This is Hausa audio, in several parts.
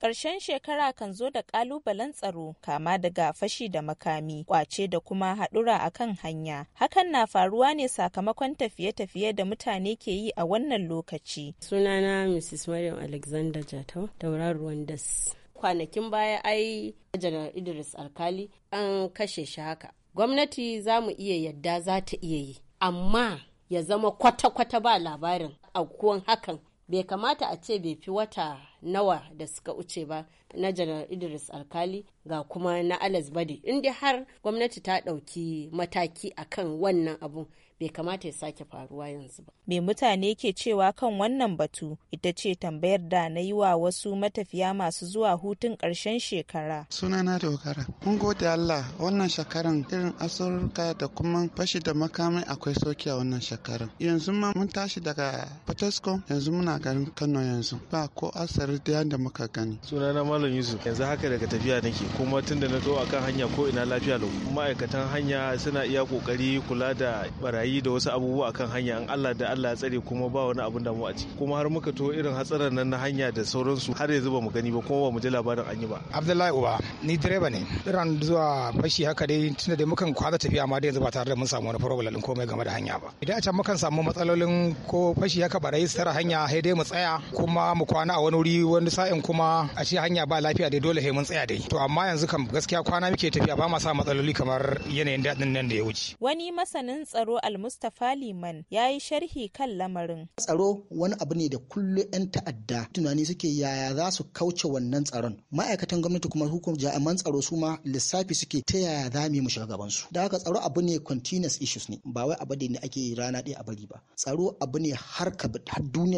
Ƙarshen shekara kan zo da ƙalubalen tsaro kama daga fashi da makami, kwace da kuma haɗura a kan hanya. Hakan na faruwa ne sakamakon tafiye-tafiye da mutane ke yi a wannan lokaci. Sunana Mrs. Maryam Alexander Jato, tauraruwan das. Kwanakin baya ai Janar Idris Alkali an kashe shi haka. Gwamnati za mu iya yadda za ta iya yi, amma ya zama kwata-kwata ba labarin hakan bai kamata a ce bai fi wata nawa da suka wuce ba na janar idris alkali ga kuma na alas bade inda har gwamnati ta ɗauki mataki akan wannan abun bai kamata ya sake faruwa yanzu ba. Me mutane ke cewa kan wannan batu ita ce tambayar da na yi wa wasu matafiya masu zuwa hutun karshen shekara. suna na dogara Mun gode Allah wannan shekaran irin asurka da kuma fashi da makamai akwai soki a wannan shekaran. Yanzu ma mun tashi daga Potosco yanzu muna garin Kano yanzu ba ko asar kamar ta yadda muka gani. Sunana Malam Yusuf yanzu haka daga tafiya nake kuma tun da na zo kan hanya ko ina lafiya lau. Ma'aikatan hanya suna iya kokari kula da barayi da wasu abubuwa akan hanya An Allah da Allah ya tsare kuma ba wani abun damu a ciki. Kuma har muka to irin hatsarin nan na hanya da sauransu har yanzu ba mu gani ba kuma ba mu ji labarin an yi ba. Abdullahi Uba ni direba ne. irin zuwa fashi haka dai tunda dai mukan kwaza tafiya amma dai yanzu ba tare da mun samu wani problem din komai game da hanya ba. Idan a can mukan samu matsalolin ko fashi haka barayi su tara hanya sai dai mu tsaya kuma mu kwana a wani wuri wani sa'in kuma a ce hanya ba lafiya dai dole mun tsaya dai to amma yanzu kam gaskiya kwana muke tafiya ba ma sa matsaloli kamar yanayin daɗin nan da ya wuce wani masanin tsaro almustafa liman ya yi sharhi kan lamarin tsaro wani abu ne da kullu 'yan ta'adda tunani suke yaya za su kauce wannan tsaron ma'aikatan gwamnati kuma hukum jami'an tsaro su ma lissafi suke ta yaya za mu yi su da haka tsaro abu ne continuous issues ne ba wai abu ne ake rana ɗaya a bari ba tsaro abu ne har ka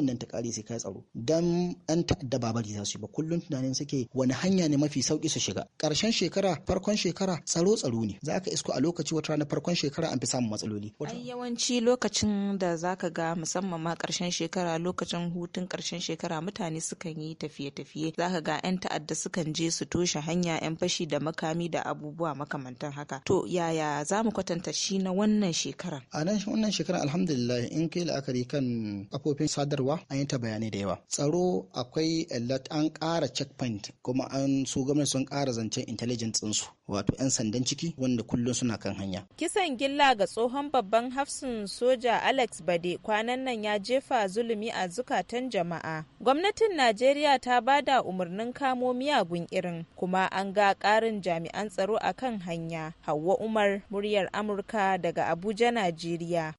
nan ta kare sai kai tsaro dan 'yan yadda bari za su yi ba kullum tunanin suke wani hanya ne mafi sauki su shiga ƙarshen shekara farkon shekara tsaro tsaro ne za ka isko a lokaci wata rana farkon shekara an fi samun matsaloli ai yawanci lokacin da za ka ga musamman ma ƙarshen shekara lokacin hutun ƙarshen shekara mutane sukan yi tafiye-tafiye za ka ga 'yan ta'adda sukan je su toshe hanya 'yan fashi da makami da abubuwa makamantan haka to yaya za mu kwatanta shi na wannan shekara a nan wannan shekara alhamdulillah in kai la'akari kan kafofin sadarwa an yi ta bayanai da yawa tsaro akwai dai an ƙara checkpoint kuma an su gwamnati sun ƙara zancen intelligence ɗinsu wato 'yan sandan ciki wanda kullum suna kan hanya. Kisan gilla ga tsohon babban hafsin soja Alex Bade kwanan nan ya jefa zulumi a zukatan jama'a. Gwamnatin Najeriya ta ba da umarnin kamo miyagun irin kuma an ga ƙarin jami'an tsaro a kan hanya. Hauwa Umar, muryar Amurka daga Abuja, Najeriya.